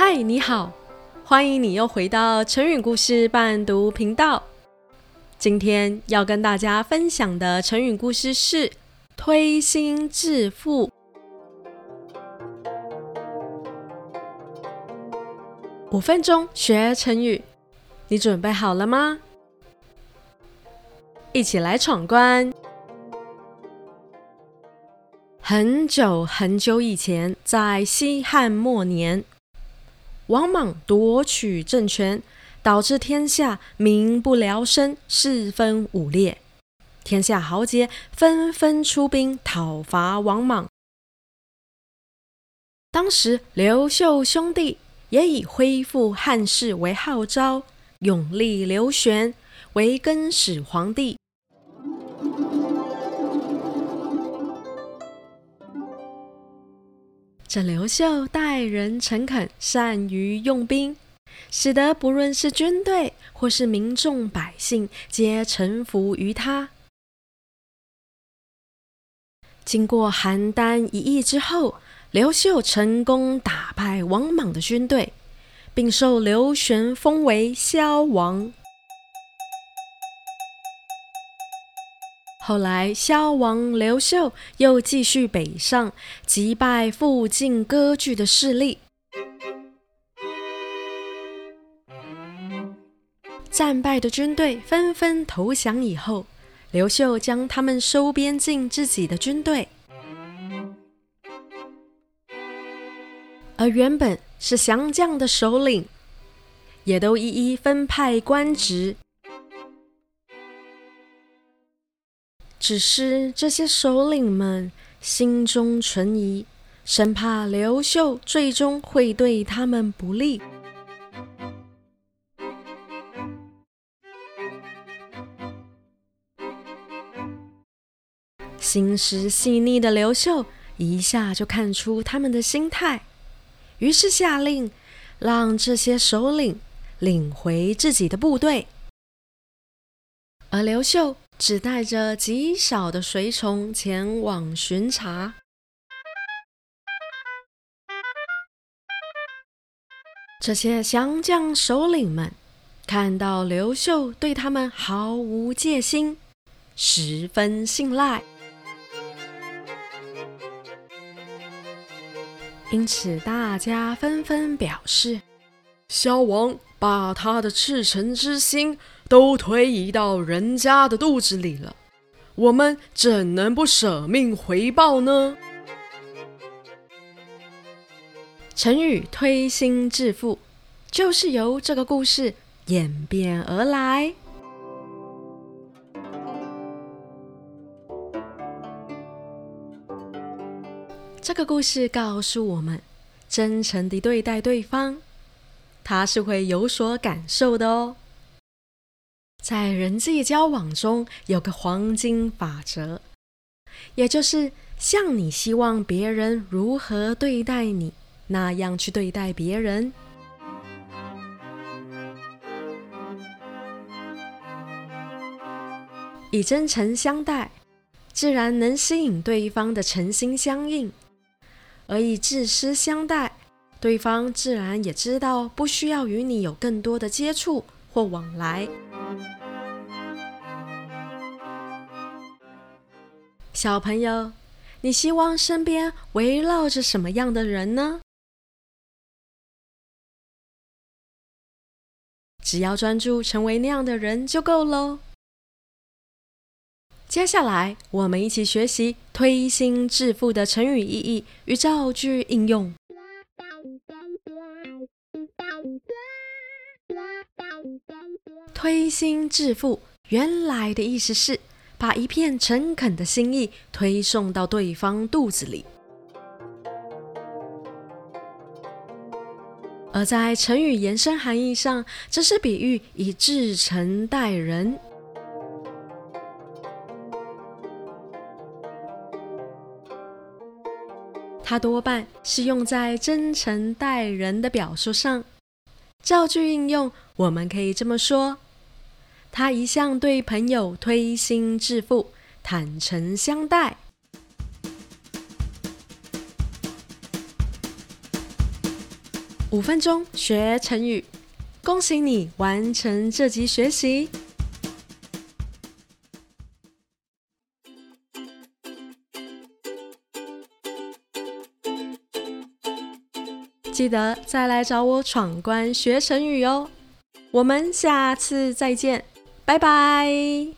嗨，Hi, 你好，歡迎你又回到成語故事伴讀頻道。今天要跟大家分享的成語故事是“推心置腹”。五分鐘學成語，你準備好了嗎？一起來闖關。很久很久以前，在西漢末年。王莽奪取政權，導致天下民不聊生，四分五裂。天下豪傑紛紛出兵討伐王莽。當時，劉秀兄弟也以恢復漢室為號召，擁立劉玄為更始皇帝。劉秀待人誠懇，善於用兵，使得不論是軍隊或是民眾百姓，皆臣服於他。經過邯鄲一役之後，劉秀成功打敗王莽的軍隊，並受劉玄封為蕭王。後來，蕭王劉秀又繼續北上，擊敗附近割據的勢力。戰敗的軍隊紛紛投降以後，劉秀將他們收編進自己的軍隊，而原本是降將的首領，也都一一分派官職。只是這些首領們心中存疑，生怕劉秀最終會對他們不利。心思細膩的劉秀一下就看出他們的心態，於是下令讓這些首領領回自己的部隊，而劉秀，只帶着極少的隨從前往巡查。這些降將首領們看到劉秀對他們毫無戒心，十分信賴，因此大家紛紛表示：“蕭王把他的赤誠之心。”都推移到人家的肚子裡了，我們怎能不舍命回報呢？成語“推心置腹”就是由這個故事演變而來。這個故事告訴我們，真誠地對待對方，他是會有所感受的哦。在人際交往中，有個黃金法則，也就是像你希望別人如何對待你，那樣去對待別人，以真誠相待，自然能吸引對方的誠心相應；而以自私相待，對方自然也知道不需要與你有更多的接觸或往來。小朋友，你希望身邊圍繞着什麼樣的人呢？只要專注成為那樣的人就夠嘍。接下來，我們一起學習“推心置腹”的成語意義與造句應用。推心置腹，原來的意思是把一片誠懇的心意推送到對方肚子裡；而在成語延伸含義上，則是比喻以至誠待人。它多半是用在真誠待人的表述上。造句應用，我們可以這麼說。他一向對朋友推心置腹，坦誠相待。五分鐘學成語，恭喜你完成這集學習！記得再來找我闖關學成語哦！我們下次再見。拜拜。